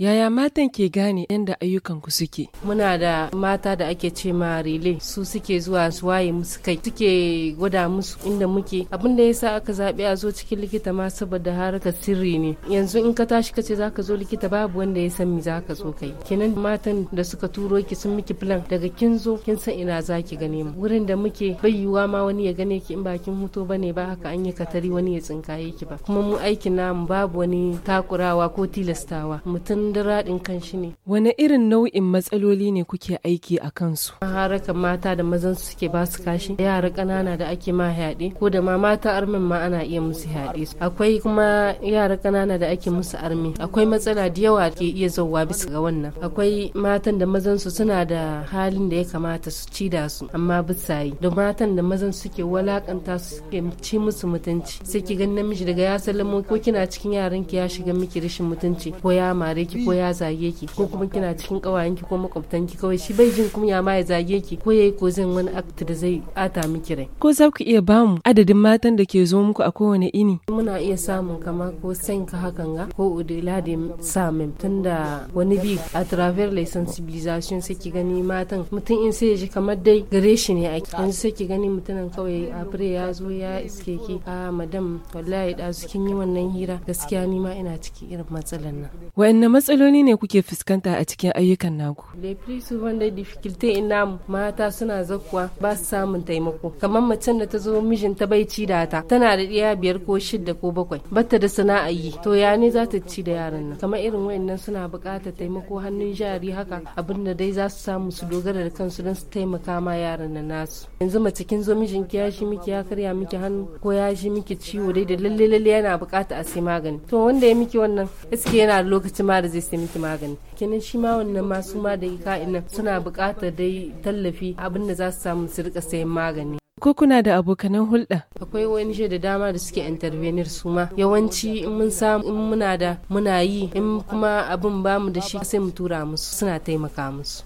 Yaya matan ke gane yadda ayyukanku suke? Muna da mata da ake ce ma relay su suke zuwa su waye musu kai suke gwada musu inda muke abin da yasa aka zaɓi a zo cikin likita ma saboda haraka sirri ne yanzu in ka tashi kace zaka zo likita babu wanda ya san me zaka zo kai kenan matan da suka turo ki sun miki plan daga kin zo kin san ina zaki gane mu wurin da muke bai yiwuwa ma wani ya gane ki in bakin huto bane ba haka an yi katari wani ya tsinkaye ki ba kuma mu aikin namu babu wani takurawa ko tilastawa mutum kundin kanshi ne. Wani irin nau'in matsaloli ne kuke aiki a kansu? Harakan mata da mazan su suke basu kashi, yara ƙanana da ake ma yaɗe, ko da ma mata armin ma ana iya musu yaɗe su. Akwai kuma yara ƙanana da ake musu armi. Akwai matsala da yawa ke iya zauwa bisa ga wannan. Akwai matan da mazan su suna da halin da ya kamata su ci da su, amma bisa yi. Da matan da mazan suke walakanta su suke ci musu mutunci. Sai ki ganin namiji daga ya ko kina cikin yaran ki ya shiga miki rashin mutunci ko ya mare ki ko ya zage ki ko kuma kina cikin kawayen ki ko makwabtan ki kawai shi bai jin kunya ma ya zage ki ko yayi ko zan wani act da zai ata miki rai ko za ku iya bamu. adadin matan da ke zo muku a kowane ini muna iya samun kama ko ka hakan ga ko udila da samin tunda wani bi a travers la sensibilisation sai ki gani matan mutum in sai ya ji kamar dai gare shi ne ake yanzu sai ki gani mutumin kawai a ya zo ya iske ki a madam wallahi da su kin yi wannan hira gaskiya ni ma ina ciki irin matsalan nan wa'annan matsaloli ne kuke fuskanta a cikin ayyukan naku? Lefri su wanda difficulty ina mata suna zakuwa ba su samun taimako. Kamar macen da ta zo mijin ta bai ci da ta tana da ɗaya biyar ko shidda ko bakwai bata da sana'a yi to ya ne za ta ci da yaran nan. Kamar irin wayannan suna buƙatar taimako hannun jari haka abin da dai za su samu su dogara da kansu don su taimaka ma yaran nan nasu. Yanzu mace kin zo mijinki ya shi miki ya karya miki hannu ko ya shi miki ciwo dai da lalle lalle yana buƙata a sai magani. To wanda ya miki wannan iske yana da lokaci ma da zai sai miki magani kenan shi ma wannan masu ma da ka'in suna buƙatar dai tallafi abin da za su samu su rika sayan magani ko kuna da abokanan hulɗa akwai wani ONG da dama da suke intervenir su ma yawanci in mun samu in muna da muna yi in kuma abin bamu da shi sai mu tura musu suna taimaka musu